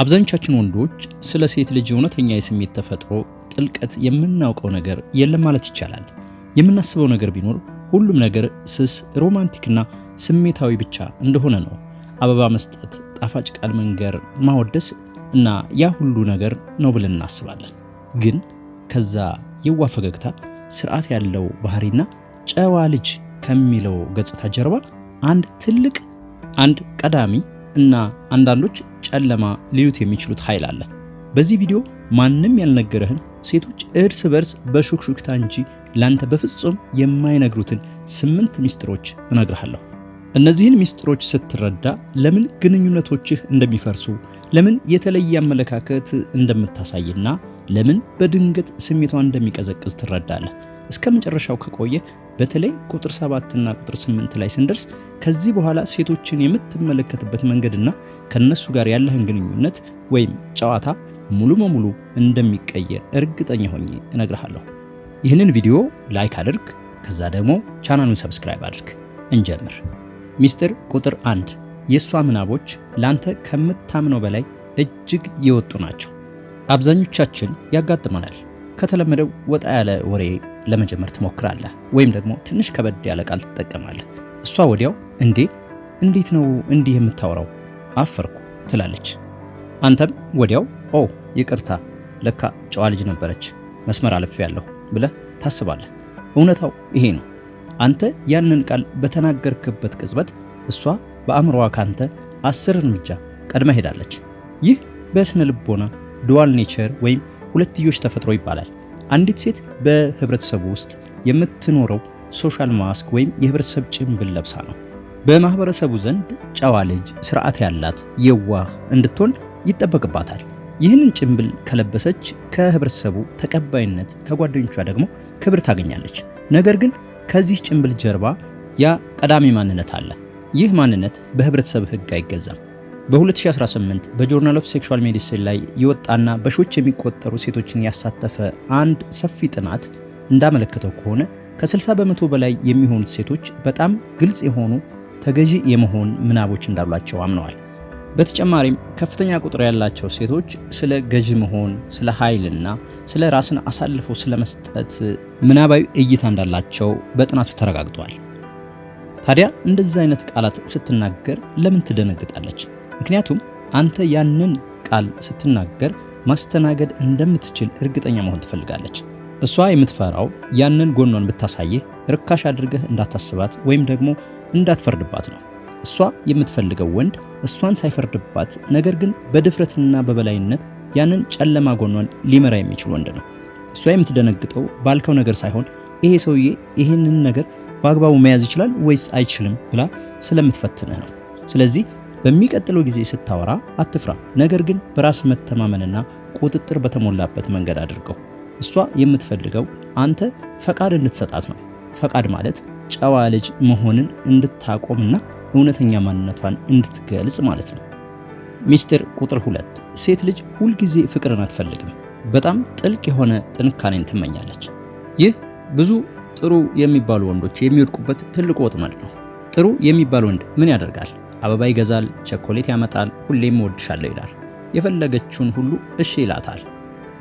አብዛኞቻችን ወንዶች ስለ ሴት ልጅ እውነተኛ የስሜት ተፈጥሮ ጥልቀት የምናውቀው ነገር የለም ማለት ይቻላል። የምናስበው ነገር ቢኖር ሁሉም ነገር ስስ፣ ሮማንቲክና ስሜታዊ ብቻ እንደሆነ ነው። አበባ መስጠት፣ ጣፋጭ ቃል መንገር፣ ማወደስ እና ያ ሁሉ ነገር ነው ብለን እናስባለን። ግን ከዛ የዋ ፈገግታ፣ ስርዓት ያለው ባህሪና ጨዋ ልጅ ከሚለው ገጽታ ጀርባ አንድ ትልቅ አንድ ቀዳሚ እና አንዳንዶች ጨለማ ሊሉት የሚችሉት ኃይል አለ። በዚህ ቪዲዮ ማንም ያልነገረህን ሴቶች እርስ በርስ በሹክሹክታ እንጂ ላንተ በፍጹም የማይነግሩትን ስምንት ሚስጥሮች እነግርሃለሁ። እነዚህን ሚስጥሮች ስትረዳ ለምን ግንኙነቶችህ እንደሚፈርሱ፣ ለምን የተለየ አመለካከት እንደምታሳይና ለምን በድንገት ስሜቷ እንደሚቀዘቅዝ ትረዳለህ። እስከ መጨረሻው ከቆየ በተለይ ቁጥር 7 እና ቁጥር 8 ላይ ስንደርስ ከዚህ በኋላ ሴቶችን የምትመለከትበት መንገድና ከነሱ ጋር ያለህን ግንኙነት ወይም ጨዋታ ሙሉ በሙሉ እንደሚቀየር እርግጠኛ ሆኜ እነግርሃለሁ። ይህንን ቪዲዮ ላይክ አድርግ፣ ከዛ ደግሞ ቻናሉን ሰብስክራይብ አድርግ። እንጀምር። ሚስጥር ቁጥር አንድ የእሷ ምናቦች ላንተ ከምታምነው በላይ እጅግ የወጡ ናቸው። አብዛኞቻችን ያጋጥመናል ከተለመደው ወጣ ያለ ወሬ ለመጀመር ትሞክራለህ፣ ወይም ደግሞ ትንሽ ከበድ ያለ ቃል ትጠቀማለህ። እሷ ወዲያው እንዴ፣ እንዴት ነው እንዲህ የምታወራው? አፈርኩ ትላለች። አንተም ወዲያው ኦ፣ ይቅርታ፣ ለካ ጨዋ ልጅ ነበረች፣ መስመር አልፌያለሁ ብለህ ታስባለህ። እውነታው ይሄ ነው። አንተ ያንን ቃል በተናገርክበት ቅጽበት እሷ በአእምሮዋ ካንተ አስር እርምጃ ቀድማ ሄዳለች። ይህ በስነ ልቦና ዱዋል ኔቸር ወይም ሁለትዮሽ ተፈጥሮ ይባላል። አንዲት ሴት በህብረተሰቡ ውስጥ የምትኖረው ሶሻል ማስክ ወይም የህብረተሰብ ጭንብል ለብሳ ነው። በማህበረሰቡ ዘንድ ጨዋ ልጅ፣ ስርዓት ያላት፣ የዋህ እንድትሆን ይጠበቅባታል። ይህንን ጭንብል ከለበሰች ከህብረተሰቡ ተቀባይነት፣ ከጓደኞቿ ደግሞ ክብር ታገኛለች። ነገር ግን ከዚህ ጭንብል ጀርባ ያ ቀዳሚ ማንነት አለ። ይህ ማንነት በህብረተሰብ ህግ አይገዛም። በ2018 በጆርናል ኦፍ ሴክሹዋል ሜዲሲን ላይ የወጣና በሺዎች የሚቆጠሩ ሴቶችን ያሳተፈ አንድ ሰፊ ጥናት እንዳመለከተው ከሆነ ከ60 በመቶ በላይ የሚሆኑት ሴቶች በጣም ግልጽ የሆኑ ተገዢ የመሆን ምናቦች እንዳሏቸው አምነዋል። በተጨማሪም ከፍተኛ ቁጥር ያላቸው ሴቶች ስለ ገዢ መሆን፣ ስለ ኃይልና ስለ ራስን አሳልፎ ስለ መስጠት ምናባዊ እይታ እንዳላቸው በጥናቱ ተረጋግጧል። ታዲያ እንደዚህ አይነት ቃላት ስትናገር ለምን ትደነግጣለች? ምክንያቱም አንተ ያንን ቃል ስትናገር ማስተናገድ እንደምትችል እርግጠኛ መሆን ትፈልጋለች። እሷ የምትፈራው ያንን ጎኗን ብታሳየህ ርካሽ አድርገህ እንዳታስባት ወይም ደግሞ እንዳትፈርድባት ነው። እሷ የምትፈልገው ወንድ እሷን ሳይፈርድባት፣ ነገር ግን በድፍረትና በበላይነት ያንን ጨለማ ጎኗን ሊመራ የሚችል ወንድ ነው። እሷ የምትደነግጠው ባልከው ነገር ሳይሆን ይሄ ሰውዬ ይህንን ነገር በአግባቡ መያዝ ይችላል ወይስ አይችልም ብላ ስለምትፈትንህ ነው። ስለዚህ በሚቀጥለው ጊዜ ስታወራ አትፍራ። ነገር ግን በራስ መተማመንና ቁጥጥር በተሞላበት መንገድ አድርገው። እሷ የምትፈልገው አንተ ፈቃድ እንድትሰጣት ነው። ፈቃድ ማለት ጨዋ ልጅ መሆንን እንድታቆምና እውነተኛ ማንነቷን እንድትገልጽ ማለት ነው። ሚስጥር ቁጥር ሁለት ሴት ልጅ ሁልጊዜ ፍቅርን አትፈልግም። በጣም ጥልቅ የሆነ ጥንካሬን ትመኛለች። ይህ ብዙ ጥሩ የሚባሉ ወንዶች የሚወድቁበት ትልቁ ወጥመድ ነው። ጥሩ የሚባል ወንድ ምን ያደርጋል? አበባ ይገዛል፣ ቸኮሌት ያመጣል፣ ሁሌም እወድሻለሁ ይላል። የፈለገችውን ሁሉ እሺ ይላታል።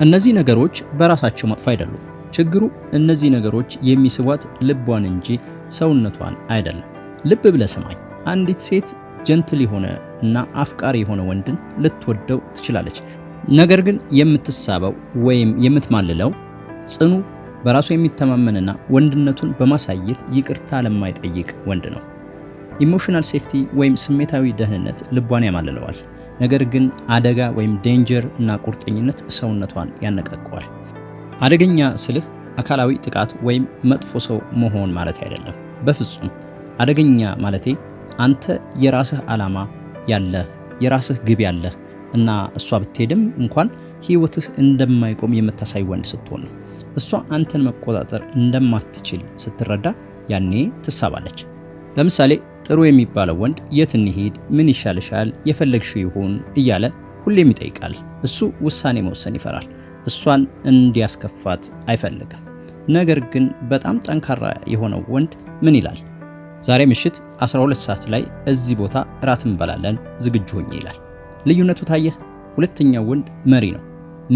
እነዚህ ነገሮች በራሳቸው መጥፎ አይደሉም። ችግሩ እነዚህ ነገሮች የሚስቧት ልቧን እንጂ ሰውነቷን አይደለም። ልብ ብለህ ስማኝ፣ አንዲት ሴት ጀንትል የሆነ እና አፍቃሪ የሆነ ወንድን ልትወደው ትችላለች። ነገር ግን የምትሳበው ወይም የምትማልለው ጽኑ፣ በራሱ የሚተማመንና ወንድነቱን በማሳየት ይቅርታ ለማይጠይቅ ወንድ ነው። ኢሞሽናል ሴፍቲ ወይም ስሜታዊ ደህንነት ልቧን ያማልለዋል። ነገር ግን አደጋ ወይም ዴንጀር እና ቁርጠኝነት ሰውነቷን ያነቃቀዋል። አደገኛ ስልህ አካላዊ ጥቃት ወይም መጥፎ ሰው መሆን ማለት አይደለም፣ በፍጹም። አደገኛ ማለቴ አንተ የራስህ ዓላማ ያለህ፣ የራስህ ግብ ያለህ እና እሷ ብትሄድም እንኳን ህይወትህ እንደማይቆም የምታሳይ ወንድ ስትሆን ነው። እሷ አንተን መቆጣጠር እንደማትችል ስትረዳ ያኔ ትሳባለች። ለምሳሌ ጥሩ የሚባለው ወንድ የት እንሂድ፣ ምን ይሻልሻል፣ የፈለግሽው ይሁን እያለ ሁሌም ይጠይቃል። እሱ ውሳኔ መወሰን ይፈራል። እሷን እንዲያስከፋት አይፈልግም። ነገር ግን በጣም ጠንካራ የሆነው ወንድ ምን ይላል? ዛሬ ምሽት 12 ሰዓት ላይ እዚህ ቦታ እራት እንበላለን፣ ዝግጁ ሆኜ ይላል። ልዩነቱ ታየህ? ሁለተኛው ወንድ መሪ ነው።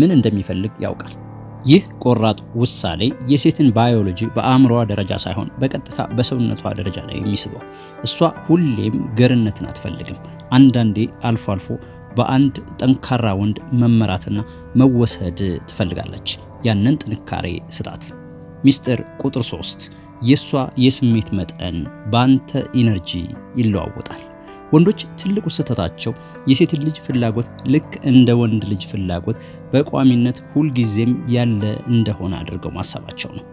ምን እንደሚፈልግ ያውቃል። ይህ ቆራጥ ውሳኔ የሴትን ባዮሎጂ በአእምሮዋ ደረጃ ሳይሆን በቀጥታ በሰውነቷ ደረጃ ላይ የሚስበው። እሷ ሁሌም ገርነትን አትፈልግም። አንዳንዴ አልፎ አልፎ በአንድ ጠንካራ ወንድ መመራትና መወሰድ ትፈልጋለች። ያንን ጥንካሬ ስጣት። ሚስጥር ቁጥር 3 የእሷ የስሜት መጠን በአንተ ኢነርጂ ይለዋወጣል። ወንዶች ትልቁ ስህተታቸው የሴት ልጅ ፍላጎት ልክ እንደ ወንድ ልጅ ፍላጎት በቋሚነት ሁልጊዜም ያለ እንደሆነ አድርገው ማሰባቸው ነው።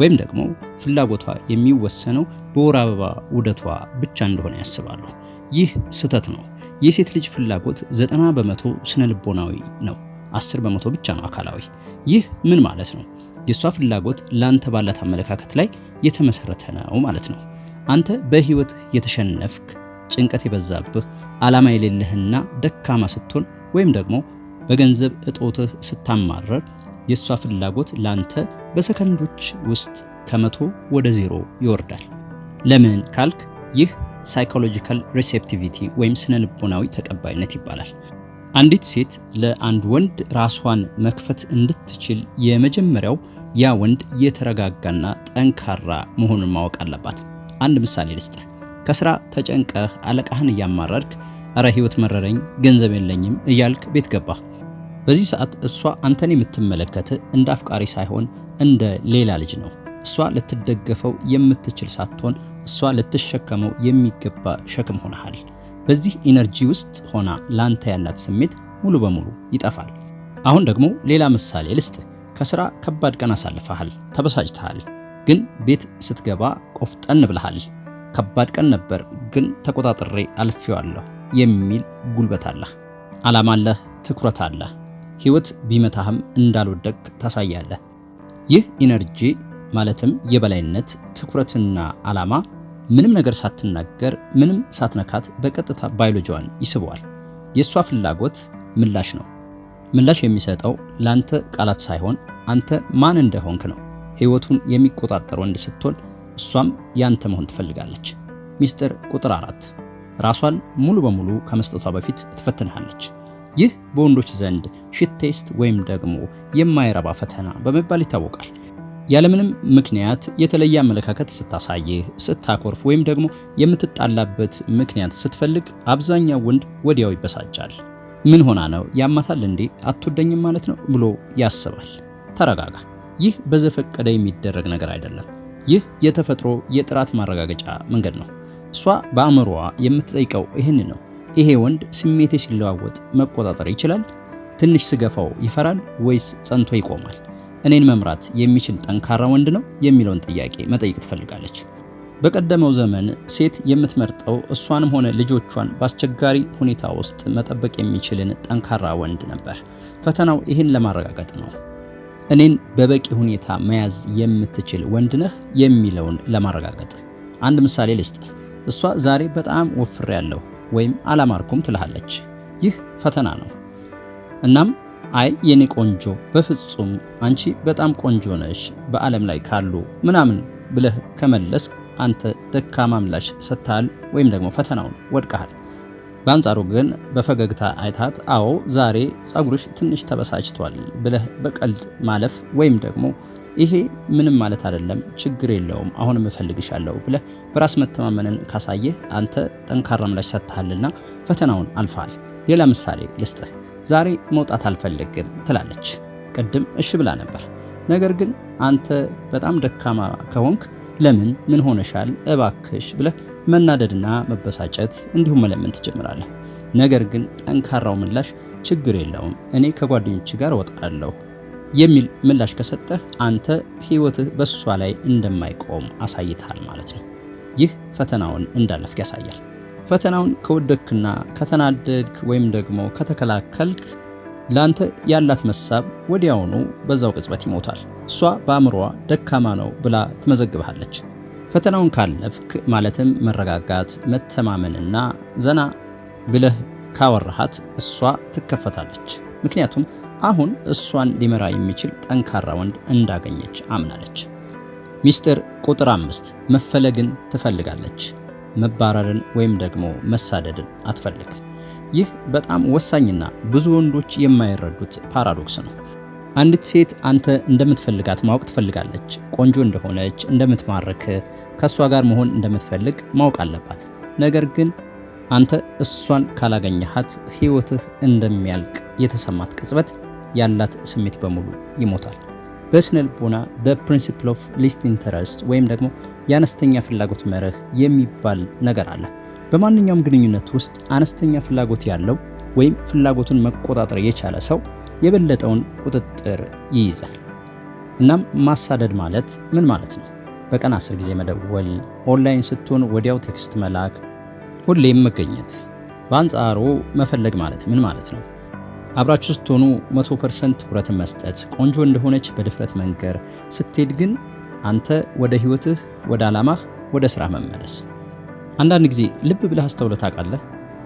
ወይም ደግሞ ፍላጎቷ የሚወሰነው በወር አበባ ውደቷ ብቻ እንደሆነ ያስባሉ። ይህ ስህተት ነው። የሴት ልጅ ፍላጎት ዘጠና በመቶ ስነ ልቦናዊ ነው። አስር በመቶ ብቻ ነው አካላዊ። ይህ ምን ማለት ነው? የእሷ ፍላጎት ለአንተ ባላት አመለካከት ላይ የተመሰረተ ነው ማለት ነው። አንተ በህይወት የተሸነፍክ ጭንቀት የበዛብህ ዓላማ የሌለህና ደካማ ስትሆን ወይም ደግሞ በገንዘብ እጦትህ ስታማረር የእሷ ፍላጎት ላንተ በሰከንዶች ውስጥ ከመቶ ወደ ዜሮ ይወርዳል። ለምን ካልክ ይህ ሳይኮሎጂካል ሪሴፕቲቪቲ ወይም ስነ ልቦናዊ ተቀባይነት ይባላል። አንዲት ሴት ለአንድ ወንድ ራሷን መክፈት እንድትችል የመጀመሪያው ያ ወንድ የተረጋጋና ጠንካራ መሆኑን ማወቅ አለባት። አንድ ምሳሌ ልስጥ። ከስራ ተጨንቀህ አለቃህን እያማረርክ እረ ህይወት መረረኝ ገንዘብ የለኝም እያልክ ቤት ገባህ። በዚህ ሰዓት እሷ አንተን የምትመለከት እንደ አፍቃሪ ሳይሆን እንደ ሌላ ልጅ ነው። እሷ ልትደገፈው የምትችል ሳትሆን እሷ ልትሸከመው የሚገባ ሸክም ሆነሃል። በዚህ ኢነርጂ ውስጥ ሆና ላንተ ያላት ስሜት ሙሉ በሙሉ ይጠፋል። አሁን ደግሞ ሌላ ምሳሌ ልስጥ። ከስራ ከባድ ቀን አሳልፈሃል፣ ተበሳጭተሃል። ግን ቤት ስትገባ ቆፍጠን ብለሃል። ከባድ ቀን ነበር፣ ግን ተቆጣጥሬ አልፌዋለሁ የሚል ጉልበት አለህ። ዓላማ አለህ፣ ትኩረት አለህ። ህይወት ቢመታህም እንዳልወደቅ ታሳያለህ። ይህ ኢነርጂ ማለትም የበላይነት፣ ትኩረትና ዓላማ ምንም ነገር ሳትናገር ምንም ሳትነካት በቀጥታ ባዮሎጂዋን ይስበዋል። የእሷ ፍላጎት ምላሽ ነው። ምላሽ የሚሰጠው ለአንተ ቃላት ሳይሆን አንተ ማን እንደሆንክ ነው። ህይወቱን የሚቆጣጠር ወንድ ስትሆን እሷም ያንተ መሆን ትፈልጋለች። ሚስጥር ቁጥር አራት ራሷን ሙሉ በሙሉ ከመስጠቷ በፊት ትፈትንሃለች። ይህ በወንዶች ዘንድ ሽት ቴስት ወይም ደግሞ የማይረባ ፈተና በመባል ይታወቃል። ያለምንም ምክንያት የተለየ አመለካከት ስታሳይህ፣ ስታኮርፍ ወይም ደግሞ የምትጣላበት ምክንያት ስትፈልግ አብዛኛው ወንድ ወዲያው ይበሳጫል። ምን ሆና ነው ያማታል እንዴ አትወደኝም ማለት ነው ብሎ ያስባል። ተረጋጋ። ይህ በዘፈቀደ የሚደረግ ነገር አይደለም። ይህ የተፈጥሮ የጥራት ማረጋገጫ መንገድ ነው። እሷ በአእምሮዋ የምትጠይቀው ይህን ነው። ይሄ ወንድ ስሜቴ ሲለዋወጥ መቆጣጠር ይችላል? ትንሽ ስገፋው ይፈራል ወይስ ጸንቶ ይቆማል? እኔን መምራት የሚችል ጠንካራ ወንድ ነው የሚለውን ጥያቄ መጠየቅ ትፈልጋለች። በቀደመው ዘመን ሴት የምትመርጠው እሷንም ሆነ ልጆቿን በአስቸጋሪ ሁኔታ ውስጥ መጠበቅ የሚችልን ጠንካራ ወንድ ነበር። ፈተናው ይህን ለማረጋገጥ ነው። እኔን በበቂ ሁኔታ መያዝ የምትችል ወንድ ነህ የሚለውን ለማረጋገጥ አንድ ምሳሌ ልስጥ። እሷ ዛሬ በጣም ወፍር ያለው ወይም አላማርኩም ትልሃለች። ይህ ፈተና ነው። እናም አይ የኔ ቆንጆ፣ በፍጹም አንቺ በጣም ቆንጆ ነሽ በዓለም ላይ ካሉ ምናምን ብለህ ከመለስ አንተ ደካማ ምላሽ ሰጥተሃል ወይም ደግሞ ፈተናውን ወድቀሃል። በአንጻሩ ግን በፈገግታ አይታት አዎ ዛሬ ጸጉርሽ ትንሽ ተበሳጭቷል ብለህ በቀልድ ማለፍ ወይም ደግሞ ይሄ ምንም ማለት አይደለም፣ ችግር የለውም፣ አሁን እፈልግሻለሁ ብለህ በራስ መተማመንን ካሳየህ አንተ ጠንካራ ምላሽ ሰጥተሃልና ፈተናውን አልፈሃል። ሌላ ምሳሌ ልስጥህ። ዛሬ መውጣት አልፈልግም ትላለች። ቅድም እሺ ብላ ነበር። ነገር ግን አንተ በጣም ደካማ ከሆንክ ለምን ምን ሆነሻል እባክሽ ብለህ መናደድና መበሳጨት እንዲሁም መለመን ትጀምራለህ። ነገር ግን ጠንካራው ምላሽ ችግር የለውም እኔ ከጓደኞች ጋር ወጣለሁ የሚል ምላሽ ከሰጠህ አንተ ህይወትህ በእሷ ላይ እንደማይቆም አሳይታል ማለት ነው። ይህ ፈተናውን እንዳለፍክ ያሳያል። ፈተናውን ከወደክና ከተናደድክ ወይም ደግሞ ከተከላከልክ ላንተ ያላት መሳብ ወዲያውኑ በዛው ቅጽበት ይሞታል። እሷ በአእምሯ ደካማ ነው ብላ ትመዘግብሃለች። ፈተናውን ካለፍክ ማለትም መረጋጋት፣ መተማመንና ዘና ብለህ ካወራሃት እሷ ትከፈታለች። ምክንያቱም አሁን እሷን ሊመራ የሚችል ጠንካራ ወንድ እንዳገኘች አምናለች። ሚስጥር ቁጥር አምስት መፈለግን ትፈልጋለች። መባረርን ወይም ደግሞ መሳደድን አትፈልግ። ይህ በጣም ወሳኝና ብዙ ወንዶች የማይረዱት ፓራዶክስ ነው። አንዲት ሴት አንተ እንደምትፈልጋት ማወቅ ትፈልጋለች። ቆንጆ እንደሆነች፣ እንደምትማርክ፣ ከእሷ ጋር መሆን እንደምትፈልግ ማወቅ አለባት። ነገር ግን አንተ እሷን ካላገኘሃት ህይወትህ እንደሚያልቅ የተሰማት ቅጽበት ያላት ስሜት በሙሉ ይሞታል። በስነ ልቦና ደ ፕሪንሲፕል ኦፍ ሊስት ኢንተረስት ወይም ደግሞ የአነስተኛ ፍላጎት መርህ የሚባል ነገር አለ። በማንኛውም ግንኙነት ውስጥ አነስተኛ ፍላጎት ያለው ወይም ፍላጎቱን መቆጣጠር የቻለ ሰው የበለጠውን ቁጥጥር ይይዛል። እናም ማሳደድ ማለት ምን ማለት ነው? በቀን አስር ጊዜ መደወል፣ ኦንላይን ስትሆን ወዲያው ቴክስት መላክ፣ ሁሌም መገኘት። በአንጻሩ መፈለግ ማለት ምን ማለት ነው? አብራችሁ ስትሆኑ 100% ትኩረት መስጠት፣ ቆንጆ እንደሆነች በድፍረት መንገር፣ ስትሄድ ግን አንተ ወደ ህይወትህ፣ ወደ ዓላማህ፣ ወደ ስራ መመለስ አንዳንድ ጊዜ ልብ ብለህ አስተውለህ ታውቃለህ?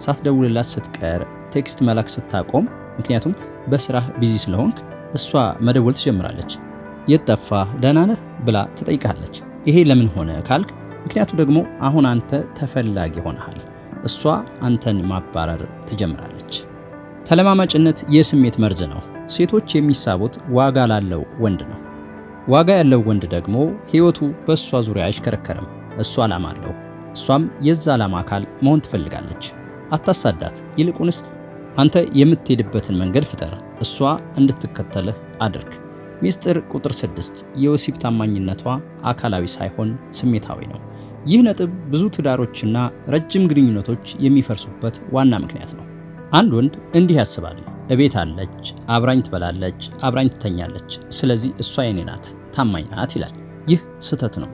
ሳትደውልላት ስትቀር ቴክስት መላክ ስታቆም፣ ምክንያቱም በስራህ ቢዚ ስለሆንክ እሷ መደወል ትጀምራለች። የት ጠፋህ? ደህና ነህ? ብላ ትጠይቃለች። ይሄ ለምን ሆነ ካልክ፣ ምክንያቱ ደግሞ አሁን አንተ ተፈላጊ ሆነሃል። እሷ አንተን ማባረር ትጀምራለች። ተለማማጭነት የስሜት መርዝ ነው። ሴቶች የሚሳቡት ዋጋ ላለው ወንድ ነው። ዋጋ ያለው ወንድ ደግሞ ሕይወቱ በእሷ ዙሪያ አይሽከረከርም። እሷ አላማ አለው። እሷም የዛ ዓላማ አካል መሆን ትፈልጋለች። አታሳዳት፣ ይልቁንስ አንተ የምትሄድበትን መንገድ ፍጠር፣ እሷ እንድትከተልህ አድርግ። ሚስጥር ቁጥር ስድስት የወሲብ ታማኝነቷ አካላዊ ሳይሆን ስሜታዊ ነው። ይህ ነጥብ ብዙ ትዳሮችና ረጅም ግንኙነቶች የሚፈርሱበት ዋና ምክንያት ነው። አንድ ወንድ እንዲህ ያስባል፣ እቤት አለች፣ አብራኝ ትበላለች፣ አብራኝ ትተኛለች፣ ስለዚህ እሷ የኔ ናት፣ ታማኝ ናት ይላል። ይህ ስህተት ነው።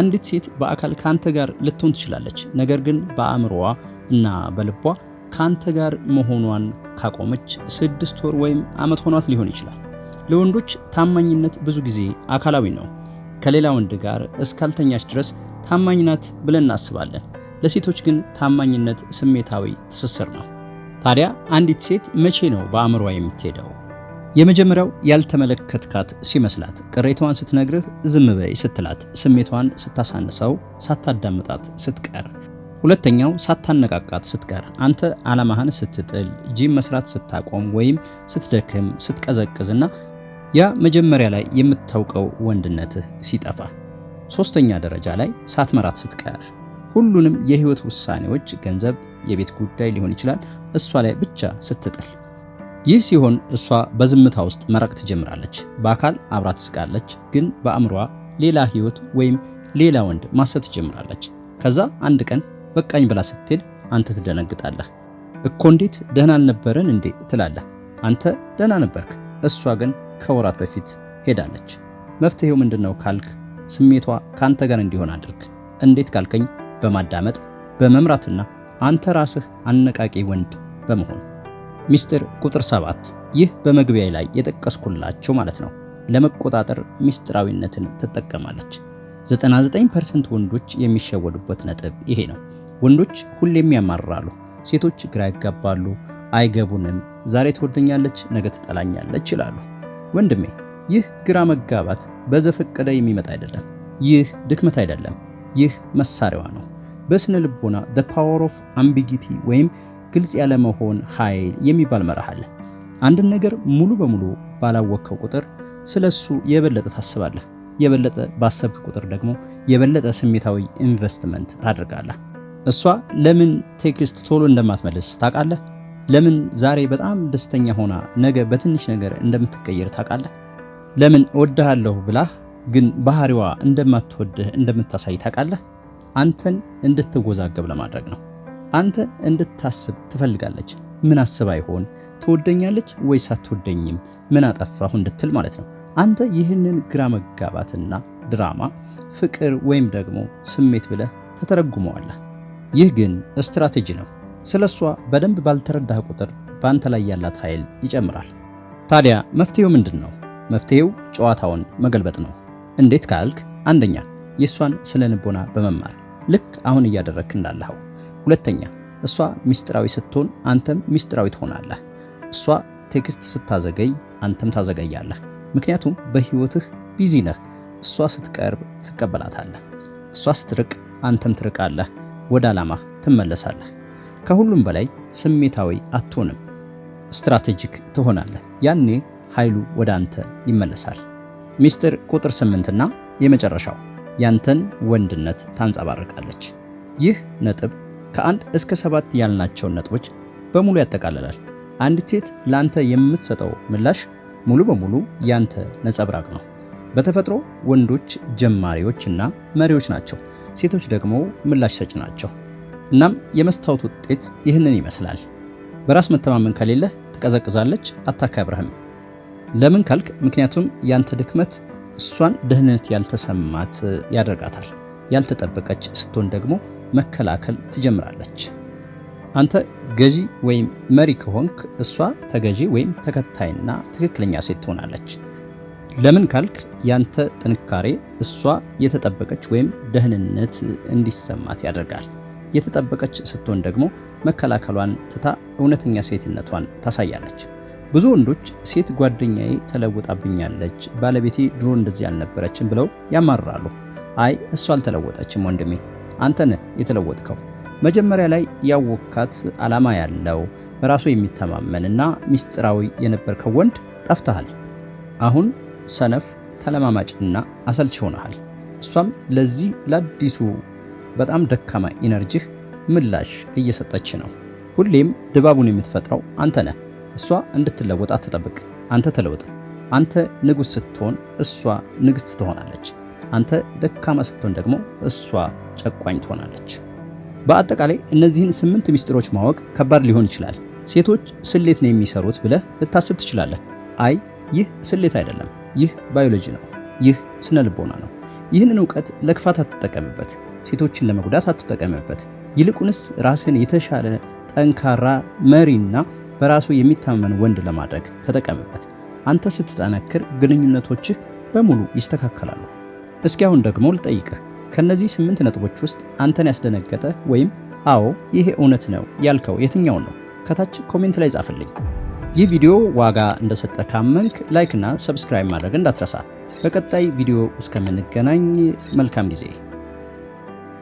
አንዲት ሴት በአካል ካንተ ጋር ልትሆን ትችላለች፣ ነገር ግን በአእምሮዋ እና በልቧ ካንተ ጋር መሆኗን ካቆመች ስድስት ወር ወይም ዓመት ሆኗት ሊሆን ይችላል። ለወንዶች ታማኝነት ብዙ ጊዜ አካላዊ ነው። ከሌላ ወንድ ጋር እስካልተኛች ድረስ ታማኝ ናት ብለን እናስባለን። ለሴቶች ግን ታማኝነት ስሜታዊ ትስስር ነው። ታዲያ አንዲት ሴት መቼ ነው በአእምሮዋ የምትሄደው? የመጀመሪያው ያልተመለከትካት ሲመስላት ቅሬታዋን ስትነግርህ ዝም በይ ስትላት ስሜቷን ስታሳንሰው ሳታዳምጣት ስትቀር፣ ሁለተኛው ሳታነቃቃት ስትቀር አንተ ዓላማህን ስትጥል ጂም መስራት ስታቆም ወይም ስትደክም ስትቀዘቅዝና ያ መጀመሪያ ላይ የምታውቀው ወንድነትህ ሲጠፋ፣ ሶስተኛ ደረጃ ላይ ሳትመራት ስትቀር ሁሉንም የህይወት ውሳኔዎች ገንዘብ፣ የቤት ጉዳይ ሊሆን ይችላል እሷ ላይ ብቻ ስትጥል ይህ ሲሆን እሷ በዝምታ ውስጥ መራቅ ትጀምራለች። በአካል አብራ ትስቃለች፣ ግን በአእምሯ ሌላ ህይወት ወይም ሌላ ወንድ ማሰብ ትጀምራለች። ከዛ አንድ ቀን በቃኝ ብላ ስትሄድ አንተ ትደነግጣለህ። እኮ እንዴት ደህና አልነበረን እንዴ ትላለህ። አንተ ደህና ነበርክ፣ እሷ ግን ከወራት በፊት ሄዳለች። መፍትሄው ምንድነው ካልክ ስሜቷ ከአንተ ጋር እንዲሆን አድርግ። እንዴት ካልከኝ በማዳመጥ በመምራትና አንተ ራስህ አነቃቂ ወንድ በመሆን ሚስጥር ቁጥር 7 ይህ በመግቢያ ላይ የጠቀስኩላቸው ማለት ነው። ለመቆጣጠር ሚስጥራዊነትን ትጠቀማለች። 99% ወንዶች የሚሸወዱበት ነጥብ ይሄ ነው። ወንዶች ሁሌም ያማራሉ፣ ሴቶች ግራ ይጋባሉ አይገቡንም፣ ዛሬ ትወደኛለች፣ ነገ ትጠላኛለች ይላሉ። ወንድሜ ይህ ግራ መጋባት በዘፈቀደ የሚመጣ አይደለም። ይህ ድክመት አይደለም። ይህ መሳሪያዋ ነው። በስነ ልቦና the power of ambiguity ወይም ግልጽ ያለመሆን ኃይል የሚባል መርህ አለ። አንድን ነገር ሙሉ በሙሉ ባላወቅከው ቁጥር ስለሱ የበለጠ ታስባለህ። የበለጠ ባሰብክ ቁጥር ደግሞ የበለጠ ስሜታዊ ኢንቨስትመንት ታደርጋለህ። እሷ ለምን ቴክስት ቶሎ እንደማትመልስ ታውቃለህ። ለምን ዛሬ በጣም ደስተኛ ሆና ነገ በትንሽ ነገር እንደምትቀየር ታውቃለህ። ለምን እወድሃለሁ ብላህ ግን ባህሪዋ እንደማትወድህ እንደምታሳይ ታውቃለህ። አንተን እንድትወዛገብ ለማድረግ ነው። አንተ እንድታስብ ትፈልጋለች። ምን አስባ ይሆን? ትወደኛለች ወይስ አትወደኝም? ምን አጠፋሁ እንድትል ማለት ነው። አንተ ይህንን ግራ መጋባትና ድራማ ፍቅር ወይም ደግሞ ስሜት ብለህ ተተረጉመዋለህ። ይህ ግን ስትራቴጂ ነው። ስለ እሷ በደንብ ባልተረዳህ ቁጥር በአንተ ላይ ያላት ኃይል ይጨምራል። ታዲያ መፍትሄው ምንድን ነው? መፍትሄው ጨዋታውን መገልበጥ ነው። እንዴት ካልክ፣ አንደኛ የእሷን ስነ ልቦና በመማር ልክ አሁን እያደረግክ እንዳለኸው ሁለተኛ እሷ ሚስጥራዊ ስትሆን አንተም ሚስጥራዊ ትሆናለህ። እሷ ቴክስት ስታዘገይ አንተም ታዘገያለህ። ምክንያቱም በህይወትህ ቢዚ ነህ። እሷ ስትቀርብ ትቀበላታለህ፣ እሷ ስትርቅ አንተም ትርቃለህ። ወደ ዓላማህ ትመለሳለህ። ከሁሉም በላይ ስሜታዊ አትሆንም፣ ስትራቴጂክ ትሆናለህ። ያኔ ኃይሉ ወደ አንተ ይመለሳል። ሚስጥር ቁጥር ስምንትና የመጨረሻው ያንተን ወንድነት ታንጸባርቃለች። ይህ ነጥብ ከአንድ እስከ ሰባት ያልናቸውን ነጥቦች በሙሉ ያጠቃልላል። አንዲት ሴት ለአንተ የምትሰጠው ምላሽ ሙሉ በሙሉ ያንተ ነጸብራቅ ነው። በተፈጥሮ ወንዶች ጀማሪዎች እና መሪዎች ናቸው፣ ሴቶች ደግሞ ምላሽ ሰጭ ናቸው። እናም የመስታወት ውጤት ይህንን ይመስላል። በራስ መተማመን ከሌለህ ትቀዘቅዛለች፣ አታከብርህም። ለምን ካልክ ምክንያቱም ያንተ ድክመት እሷን ደህንነት ያልተሰማት ያደርጋታል። ያልተጠበቀች ስትሆን ደግሞ መከላከል ትጀምራለች። አንተ ገዢ ወይም መሪ ከሆንክ እሷ ተገዢ ወይም ተከታይና ትክክለኛ ሴት ትሆናለች። ለምን ካልክ ያንተ ጥንካሬ እሷ የተጠበቀች ወይም ደህንነት እንዲሰማት ያደርጋል። የተጠበቀች ስትሆን ደግሞ መከላከሏን ትታ እውነተኛ ሴትነቷን ታሳያለች። ብዙ ወንዶች ሴት ጓደኛዬ ተለውጣብኛለች፣ ባለቤቴ ድሮ እንደዚህ አልነበረችም ብለው ያማራሉ። አይ እሷ አልተለወጠችም ወንድሜ አንተ ነህ የተለወጥከው መጀመሪያ ላይ ያወካት ዓላማ ያለው በራሱ የሚተማመን እና ሚስጥራዊ የነበርከው ወንድ ጠፍተሃል። አሁን ሰነፍ ተለማማጭና አሰልች ሆነሃል። እሷም ለዚህ ለአዲሱ በጣም ደካማ ኢነርጂህ ምላሽ እየሰጠች ነው። ሁሌም ድባቡን የምትፈጥረው አንተ ነህ። እሷ እንድትለወጥ አትጠብቅ። አንተ ተለወጥ። አንተ ንጉሥ ስትሆን እሷ ንግሥት ትሆናለች። አንተ ደካማ ስትሆን ደግሞ እሷ ጨቋኝ ትሆናለች። በአጠቃላይ እነዚህን ስምንት ሚስጥሮች ማወቅ ከባድ ሊሆን ይችላል። ሴቶች ስሌት ነው የሚሰሩት ብለህ ልታስብ ትችላለህ። አይ ይህ ስሌት አይደለም፣ ይህ ባዮሎጂ ነው፣ ይህ ስነ ልቦና ነው። ይህንን እውቀት ለክፋት አትጠቀምበት፣ ሴቶችን ለመጉዳት አትጠቀምበት። ይልቁንስ ራስን የተሻለ ጠንካራ መሪና በራሱ የሚታመን ወንድ ለማድረግ ተጠቀምበት። አንተ ስትጠነክር ግንኙነቶችህ በሙሉ ይስተካከላሉ። እስኪ አሁን ደግሞ ልጠይቅህ ከነዚህ ስምንት ነጥቦች ውስጥ አንተን ያስደነገጠ ወይም አዎ ይሄ እውነት ነው ያልከው የትኛው ነው? ከታች ኮሜንት ላይ ጻፍልኝ። ይህ ቪዲዮ ዋጋ እንደሰጠ ካመንክ ላይክ እና ሰብስክራይብ ማድረግ እንዳትረሳ። በቀጣይ ቪዲዮ እስከምንገናኝ መልካም ጊዜ